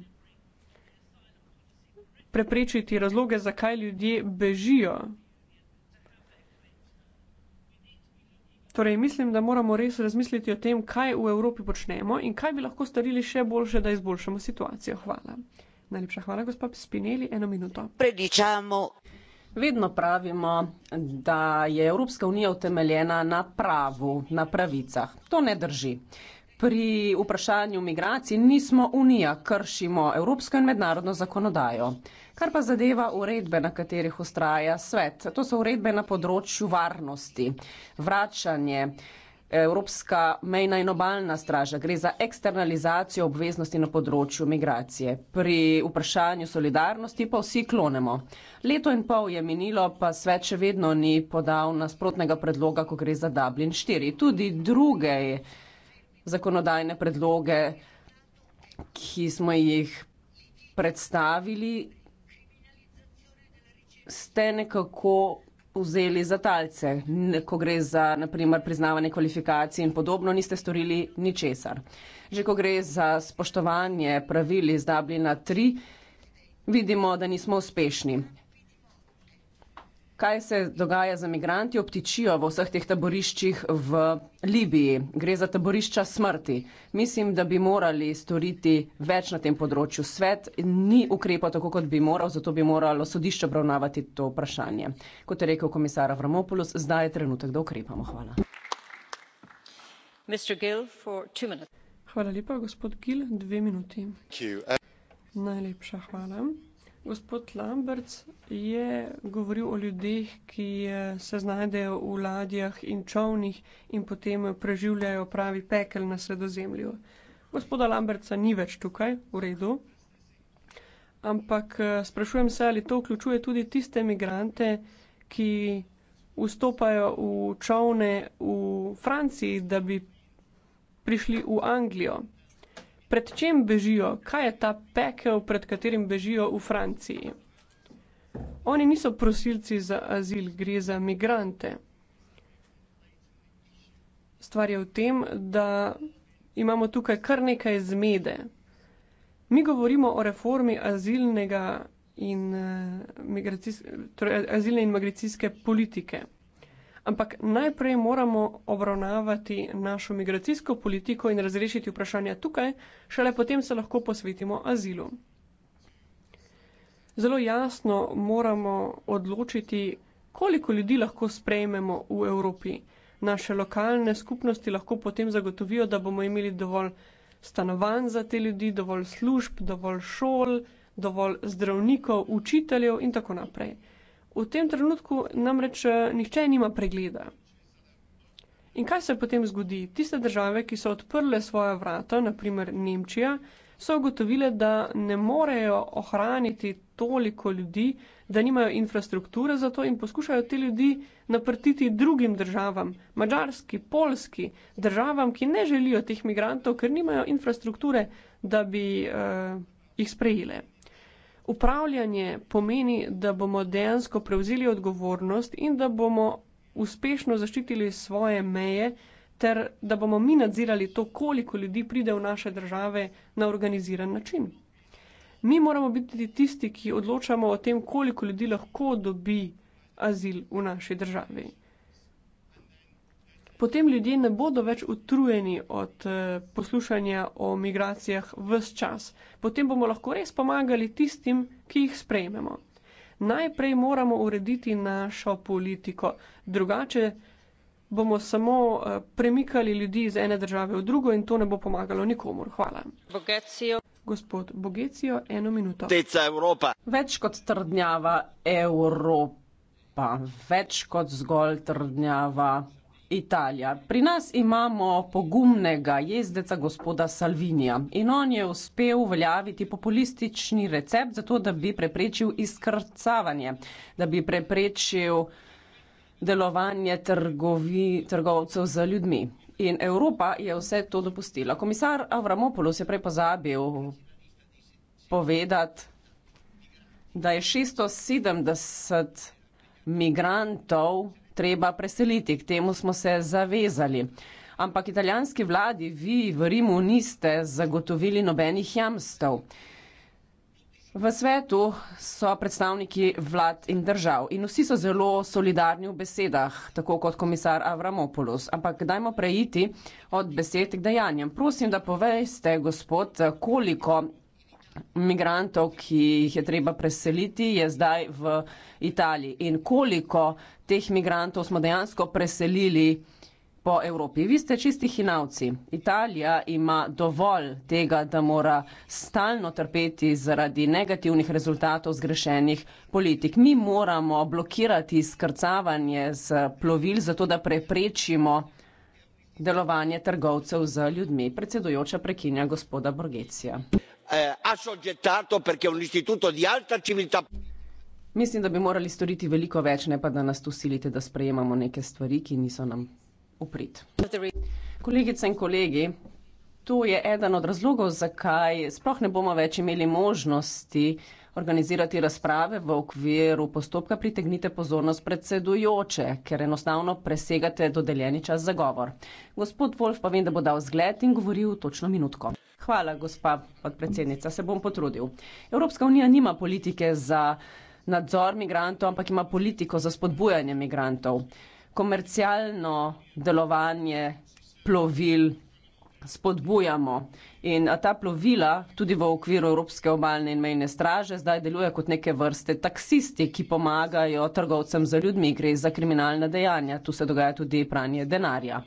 S4: preprečiti razloge, zakaj ljudje bežijo Torej, mislim, da moramo res razmisliti o tem, kaj v Evropi počnemo in kaj bi lahko storili še boljše, da izboljšamo situacijo. Hvala. Najlepša hvala, gospa Spinelli. Eno minuto.
S5: Predičamo.
S3: Vedno pravimo, da je Evropska unija utemeljena na pravu, na pravicah. To ne drži pri vprašanju migracij nismo unija, kršimo evropsko in mednarodno zakonodajo. Kar pa zadeva uredbe, na katerih ustraja svet, to so uredbe na področju varnosti, vračanje. Evropska mejna in obaljna straža gre za eksternalizacijo obveznosti na področju migracije. Pri vprašanju solidarnosti pa vsi klonemo. Leto in pol je minilo, pa svet še vedno ni podal nasprotnega predloga, ko gre za Dublin 4. Tudi druge zakonodajne predloge, ki smo jih predstavili, ste nekako vzeli za talce, ko gre za naprimer priznavanje kvalifikacij in podobno, niste storili ničesar. Že ko gre za spoštovanje pravil iz Dublina 3, vidimo, da nismo uspešni kaj se dogaja za migranti, obtičijo v vseh teh taboriščih v Libiji. Gre za taborišča smrti. Mislim, da bi morali storiti več na tem področju. Svet ni ukrepal tako, kot bi moral, zato bi moralo sodišče obravnavati to vprašanje. Kot je rekel komisar Avramopoulos, zdaj je trenutek, da ukrepamo. Hvala.
S4: Hvala lepa, gospod Gil. Dve minuti. Najlepša hvala. Gospod Lamberts je govoril o ljudeh, ki eh, se znajdejo v ladjah in čovnih in potem eh, preživljajo pravi pekel na sredozemlju. Gospoda Lamberca ni več tukaj, v redu. Ampak eh, sprašujem se, ali to vključuje tudi tiste migrante, ki vstopajo v čovne v Franciji, da bi prišli v Anglijo pred čem bežijo, kaj je ta pekel, pred katerim bežijo v Franciji. Oni niso prosilci za azil, gre za migrante. Stvar je v tem, da imamo tukaj kar nekaj zmede. Mi govorimo o reformi azilnega in, eh, torej, azilne in migracijske politike. Ampak najprej moramo obravnavati našo migracijsko politiko in razrešiti vprašanja tukaj, šele potem se lahko posvetimo azilu. Zelo jasno moramo odločiti, koliko ljudi lahko sprejmemo v Evropi. Naše lokalne skupnosti lahko potem zagotovijo, da bomo imeli dovolj stanovanj za te ljudi, dovolj služb, dovolj šol, dovolj zdravnikov, učiteljev in tako naprej. V tem trenutku namreč eh, nihče nima pregleda. In kaj se potem zgodi? Tiste države, ki so odprle svoja vrata, naprimer Nemčija, so ugotovile, da ne morejo ohraniti toliko ljudi, da nimajo infrastrukture za to in poskušajo te ljudi naprtiti drugim državam, mađarski, polski, državam, ki ne želijo teh migrantov, ker nimajo infrastrukture, da bi uh, jih sprejele. Upravljanje pomeni, da bomo dejansko prevzeli odgovornost in da bomo uspešno zaščitili svoje meje, ter da bomo mi nadzirali to, koliko ljudi pride v naše države na organiziran način. Mi moramo biti tisti, ki odločamo o tem, koliko ljudi lahko dobi azil v naši državi potem ljudje ne bodo več utrujeni od eh, poslušanja o migracijah vse čas. Potem bomo lahko res pomagali tistim, ki jih sprejmemo. Najprej moramo urediti našo politiko, drugače bomo samo eh, premikali ljudi iz ene države v drugo in to ne bo pomagalo nikomor. Hvala.
S1: Bogecijo.
S3: Gospod Bogecijo, eno minuto.
S5: Teca Evropa.
S3: Več kot trdnjava Evropa. Več kot zgolj trdnjava Evropa. Italija. Pri nas imamo pogumnega jezdeca gospoda Salvinija in on je uspel uveljaviti populistični recept za to, da bi preprečil izkrcavanje, da bi preprečil delovanje trgovi, trgovcev za ljudmi. In Evropa je vse to dopustila. Komisar Avramopoulos je prej pozabil povedati, da je 670 migrantov treba preseliti, k temu smo se zavezali. Ampak italijanski vladi vi v Rimu niste zagotovili nobenih jamstev. V svetu so predstavniki vlad in držav in vsi so zelo solidarni v besedah, tako kot komisar Avramopoulos. Ampak dajmo preiti od besed k dejanjem. Prosim, da povejste, gospod, koliko migrantov, ki jih je treba preseliti, je zdaj v Italiji. In koliko teh migrantov smo dejansko preselili po Evropi? Vi ste čisti hinavci. Italija ima dovolj tega, da mora stalno trpeti zaradi negativnih rezultatov zgrešenih politik. Mi moramo blokirati skrcavanje z plovil, zato da preprečimo delovanje trgovcev za ljudmi. Predsedujoča prekinja gospoda Borgecija.
S5: Eh, assoggettato perché è un istituto di alta civiltà.
S3: Mislim, da bi morali storiti veliko več, ne pa da nas tu silite, da sprejemamo neke stvari, ki niso nam uprit. Kolegice in kolegi, to je eden od razlogov, zakaj sploh ne bomo več imeli možnosti uh, organizirati razprave v okviru postopka, pritegnite pozornost predsedujoče, ker enostavno presegate dodeljeni čas za govor. Gospod Wolf pa vem, da bo dal zgled in govoril točno minutko. Hvala, gospa podpredsednica, se bom potrudil. Evropska unija nima politike za nadzor migrantov, ampak ima politiko za spodbujanje migrantov. Komercialno delovanje plovil spodbujamo. In ta plovila, tudi v okviru Evropske obalne in mejne straže, zdaj deluje kot neke vrste taksisti, ki pomagajo trgovcem za ljudmi, gre za kriminalna dejanja. Tu se dogaja tudi pranje denarja.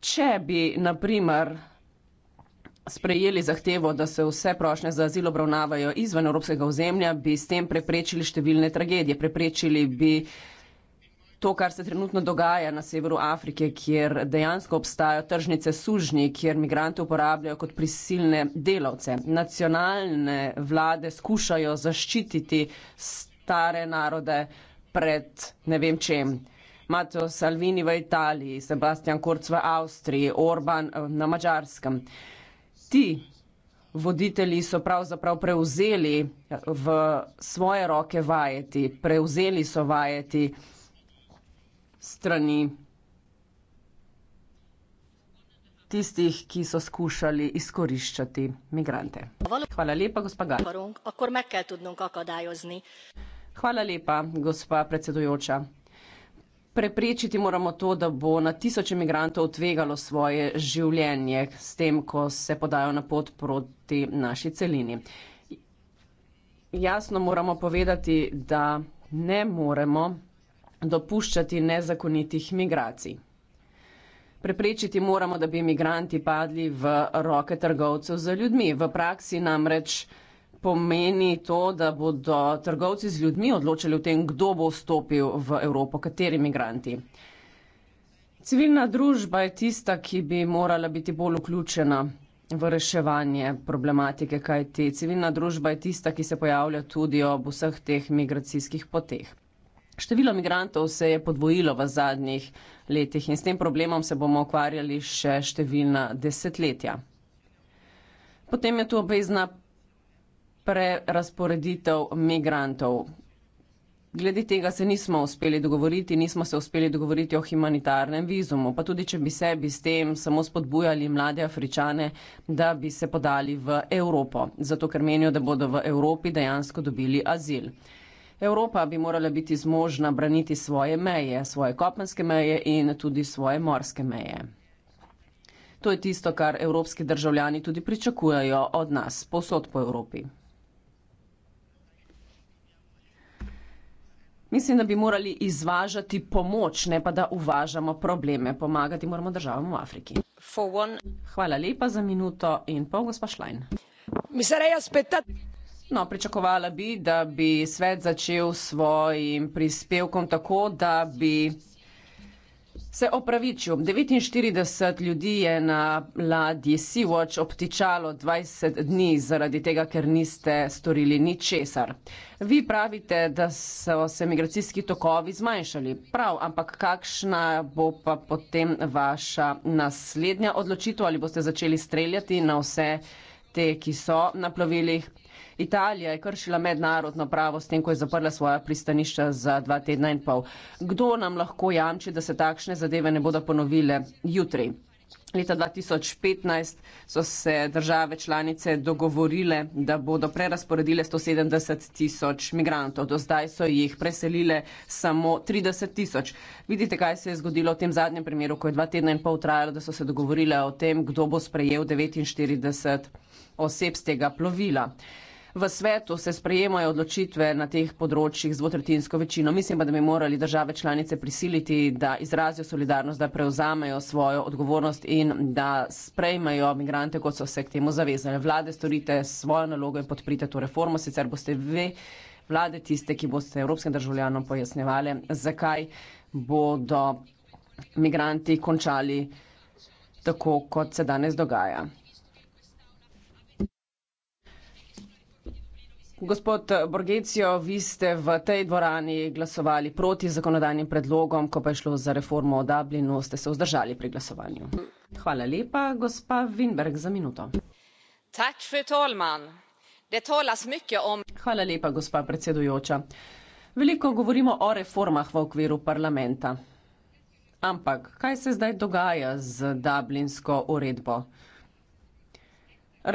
S3: Če bi, naprimer, sprejeli zahtevo, da se vse prošnje za azil obravnavajo izven evropskega ozemlja, bi s tem preprečili številne tragedije, preprečili bi uh, to, kar se trenutno dogaja na severu Afrike, kjer dejansko obstajajo tržnice sužnji, kjer migrante uporabljajo kot prisilne delavce. Nacionalne vlade skušajo zaščititi stare narode pred ne vem čem. Matteo Salvini v Italiji, Sebastian Kurz v Avstriji, Orban eh, na Mačarskem. Ti voditelji so pravzaprav prevzeli eh, v svoje roke vajeti, prevzeli so vajeti strani tistih, ki so skušali izkoriščati migrante. Hvala lepa, gospa Gal. Hvala lepa, gospa predsedujoča. Preprečiti moramo to, da bo na tisoče migrantov tvegalo svoje življenje s tem, ko se podajo na pot proti naši celini. Jasno moramo povedati, da ne moremo dopuščati nezakonitih migracij. Preprečiti moramo, da bi migranti padli v roke trgovcev za ljudmi. V praksi namreč pomeni to, da bodo trgovci z ljudmi odločili o tem, kdo bo vstopil v Evropo, kateri migranti. Civilna družba je tista, ki bi morala biti bolj vključena v reševanje problematike, kajti civilna družba je tista, ki se pojavlja tudi ob vseh teh migracijskih poteh. Število migrantov se je podvojilo v zadnjih letih in s tem problemom se bomo ukvarjali še številna desetletja. Potem je tu obvezna prerasporeditev migrantov. Glede tega se nismo uspeli dogovoriti, nismo se uspeli dogovoriti o humanitarnem vizumu, pa tudi če bi sebi s tem samo spodbujali mlade Afričane, da bi se podali v Evropo, zato ker menijo, da bodo v Evropi dejansko dobili azil. Evropa bi morala biti zmožna braniti svoje meje, svoje kopenske meje in tudi svoje morske meje. To je tisto, kar evropski državljani tudi pričakujejo od nas, posod po Evropi. Mislim, da bi morali izvažati pomoč, ne pa da uvažamo probleme. Pomagati moramo državam v Afriki. Hvala lepa za minuto in pol, gospa Šlajn. Mi se reja spet. No, pričakovala bi, da bi svet začel svojim prispevkom tako, da bi se opravičil. 49 ljudi je na ladji Sea-Watch obtičalo 20 dni zaradi tega, ker niste storili ničesar. Vi pravite, da so se migracijski tokovi zmanjšali. Prav, ampak kakšna bo pa potem vaša naslednja odločitev ali boste začeli streljati na vse te, ki so na plovilih? Italija je kršila mednarodno pravo s tem, ko je zaprla svoja pristanišča za dva tedna in pol. Kdo nam lahko jamči, da se takšne zadeve ne bodo ponovile jutri? Leta 2015 so se države članice dogovorile, da bodo prerasporedile 170 tisoč migrantov. Do zdaj so jih preselile samo 30 tisoč. Vidite, kaj se je zgodilo v tem zadnjem primeru, ko je dva tedna in pol trajalo, da so se dogovorile o tem, kdo bo sprejel 49 oseb z tega plovila v svetu se sprejemajo odločitve na teh področjih z dvotretinsko večino. Mislim pa, da bi morali države članice prisiliti, da izrazijo solidarnost, da prevzamejo svojo odgovornost in da sprejmajo migrante, kot so se k temu zavezali. Vlade, storite svojo nalogo in podprite to reformo, sicer boste ve vlade tiste, ki boste evropskim državljanom pojasnjevali, zakaj bodo migranti končali tako, kot se danes dogaja. Gospod Borgecijo, vi ste v tej dvorani glasovali proti zakonodajnim predlogom, ko pa je šlo za reformo o Dublinu, ste se vzdržali pri glasovanju. Hvala lepa, gospa Winberg, za minuto. Tak, om... Hvala lepa, gospa predsedujoča. Veliko govorimo o reformah v okviru parlamenta. Ampak kaj se zdaj dogaja z Dublinsko uredbo?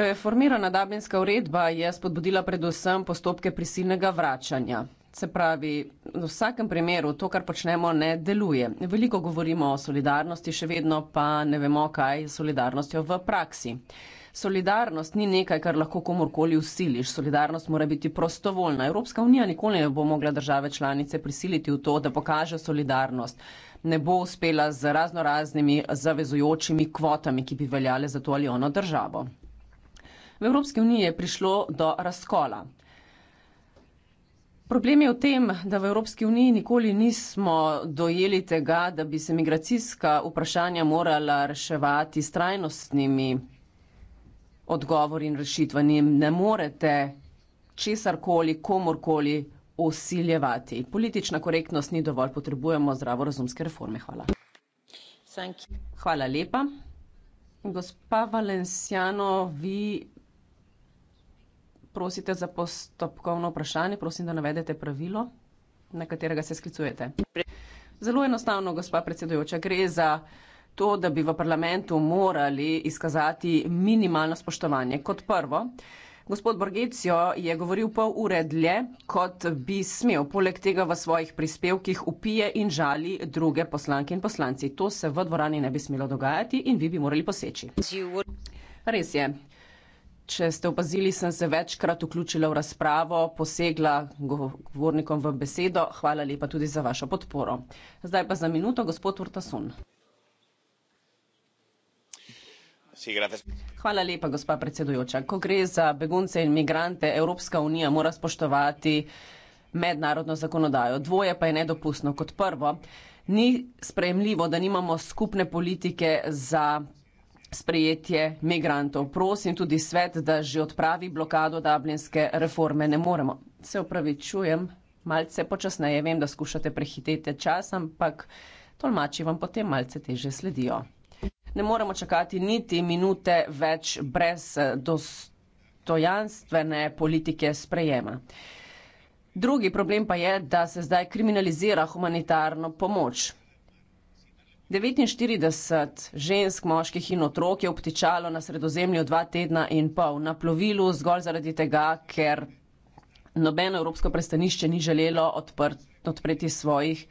S3: Reformirana dabinska uredba je spodbudila predvsem postopke prisilnega vračanja. Se pravi, v vsakem primeru to, kar počnemo, ne deluje. Veliko govorimo o solidarnosti, še vedno pa ne vemo, kaj je solidarnostjo v praksi. Solidarnost ni nekaj, kar lahko komorkoli usiliš. Solidarnost mora biti prostovoljna. Evropska unija nikoli ne bo mogla države članice prisiliti v to, da pokaže solidarnost. Ne bo uspela z razno raznimi zavezujočimi kvotami, ki bi veljale za to ali ono državo. V Evropski uniji je prišlo do razkola. Problem je v tem, da v Evropski uniji nikoli nismo dojeli tega, da bi se migracijska vprašanja morala reševati s trajnostnimi odgovori in rešitvami. Ne morete česarkoli, komorkoli osiljevati. Politična korektnost ni dovolj, potrebujemo zdravorazumske reforme. Hvala. Hvala lepa. Gospa Valenciano, vi prosite za postopkovno vprašanje, prosim, da navedete pravilo, na katerega se sklicujete. Zelo enostavno, gospa predsedujoča, gre za to, da bi v parlamentu morali izkazati minimalno spoštovanje. Kot prvo, gospod Borgecijo je govoril pol ure dlje, kot bi smel, poleg tega v svojih prispevkih upije in žali druge poslanke in poslanci. To se v dvorani ne bi smelo dogajati in vi bi morali poseči. Res je. Če ste opazili, sem se večkrat vključila v razpravo, posegla govornikom v besedo. Hvala lepa tudi za vašo podporo. Zdaj pa za minuto gospod Urtasun. Hvala lepa, gospa predsedujoča. Ko gre za begunce in migrante, Evropska unija mora spoštovati mednarodno zakonodajo. Dvoje pa je nedopustno. Kot prvo, ni sprejemljivo, da nimamo skupne politike za sprejetje migrantov. Prosim tudi svet, da že odpravi blokado dublinske reforme. Ne moremo. Se upravičujem, malce počasneje vem, da skušate prehiteti čas, ampak tolmači vam potem malce teže sledijo. Ne moremo čakati niti minute več brez eh, dostojanstvene politike sprejema. Drugi problem pa je, da se zdaj kriminalizira humanitarno pomoč. 49 žensk, moških in otrok je obtičalo na sredozemlju dva tedna in pol na plovilu zgolj zaradi tega, ker nobeno evropsko prestanišče ni želelo odpreti svojih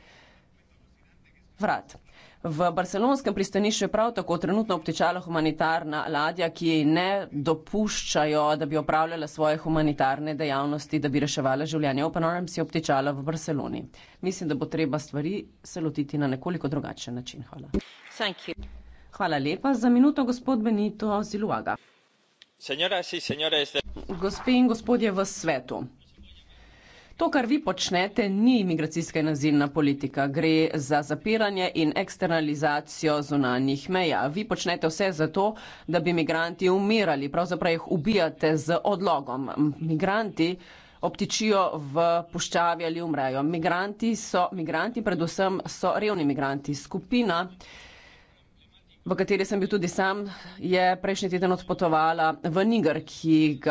S3: vrat. V barcelonskem pristanišču je prav tako trenutno obtičala humanitarna ladja, ki ji ne dopuščajo, da bi opravljala svoje humanitarne dejavnosti, da bi reševala življenje. Open Arms je obtičala v Barceloni. Mislim, da bo treba stvari se lotiti na nekoliko drugačen način. Hvala. Hvala lepa za minuto, gospod Benito Ziluaga. Gospe in gospodje v svetu. To, kar vi počnete, ni imigracijska in azilna politika. Gre za zapiranje in eksternalizacijo zunanjih meja. Vi počnete vse zato, da bi imigranti umirali, pravzaprav jih ubijate z odlogom. Migranti obtičijo v puščavi ali umrejo. Migranti so, migranti predvsem so revni migranti. Skupina, v kateri sem bil tudi sam, je prejšnji teden odpotovala v Niger, ki ga.